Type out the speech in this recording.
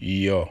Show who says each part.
Speaker 1: Yo.